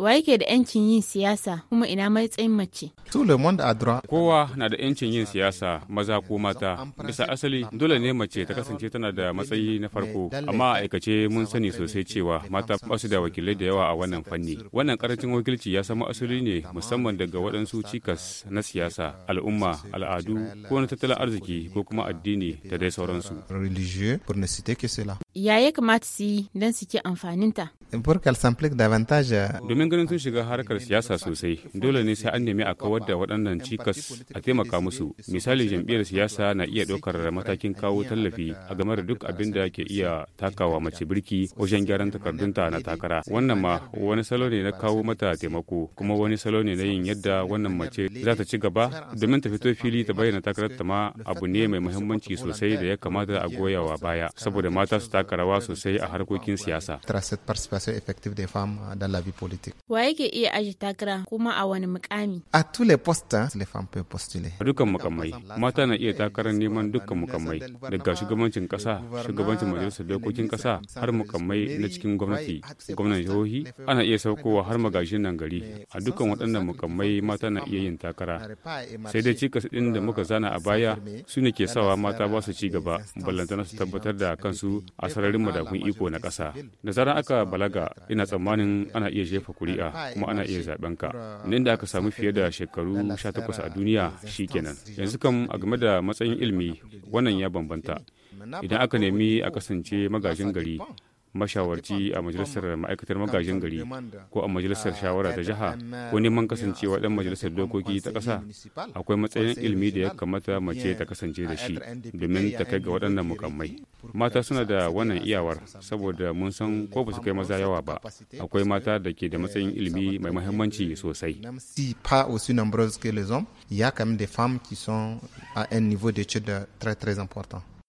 wa yake da yancin yin siyasa kuma ina matsayin mace kowa na da yancin yin siyasa maza ko mata bisa asali dole ne mace ta kasance tana da matsayi na farko amma a aikace mun sani sosai cewa mata basu da wakilai da yawa a wannan fanni wannan karancin wakilci ya samo asali ne musamman daga waɗansu cikas na siyasa al'umma al'adu ko na tattalin arziki ko kuma addini da dai sauransu ya ya kamata su yi don su ke amfaninta? Eh, domin ganin sun shiga harkar siyasa sosai, dole ne sai an nemi a kawar da waɗannan cikas a taimaka musu. Misali jam'iyyar siyasa na iya ɗaukar matakin kawo tallafi a game da duk abin da ke iya takawa mace birki wajen gyaran takardunta na takara. Wannan ma wani salo ne na kawo mata taimako, kuma wani salo ne na yin yadda wannan mace za ta ci gaba domin ta fito fili ta bayyana takararta ma abu ne mai muhimmanci sosai da ya kamata a goyawa baya saboda mata su ta taka rawa sosai a harkokin siyasa. Wa yake iya aji takara kuma a wani mukami? A tule posta, A dukkan mukamai, mata na iya takarar neman dukkan mukamai, daga shugabancin kasa, shugabancin majalisar dokokin kasa, har mukamai na cikin gwamnati, gwamnan jihohi, ana iya saukowa har magajin nan gari. A dukkan waɗannan mukamai mata na iya yin takara. Sai dai cikas ɗin da muka zana a baya su ne ke sawa mata ba su ci gaba, ballantana su tabbatar da kansu a sararin madafun iko na ƙasa da zaran aka balaga ina tsammanin ana iya jefa kuri'a kuma ana iya zaben ka nan da aka samu fiye da shekaru 18 a duniya shikenan yanzu kam a game da matsayin ilimi wannan ya bambanta idan aka nemi a kasance magajin gari mashawarci a majalisar ma'aikatar magajin gari ko a majalisar shawara ta jiha ko neman kasancewa dan majalisar dokoki ta ƙasa akwai matsayin ilimi da ya kamata mace ta kasance da shi domin ta kai ga waɗannan mukammai mata suna da wannan iyawar saboda mun san ko ba su kai maza yawa ba akwai mata da ke da matsayin ilimi mai mahimmanci sosai ya kam des femmes qui sont à un niveau d'études très très important.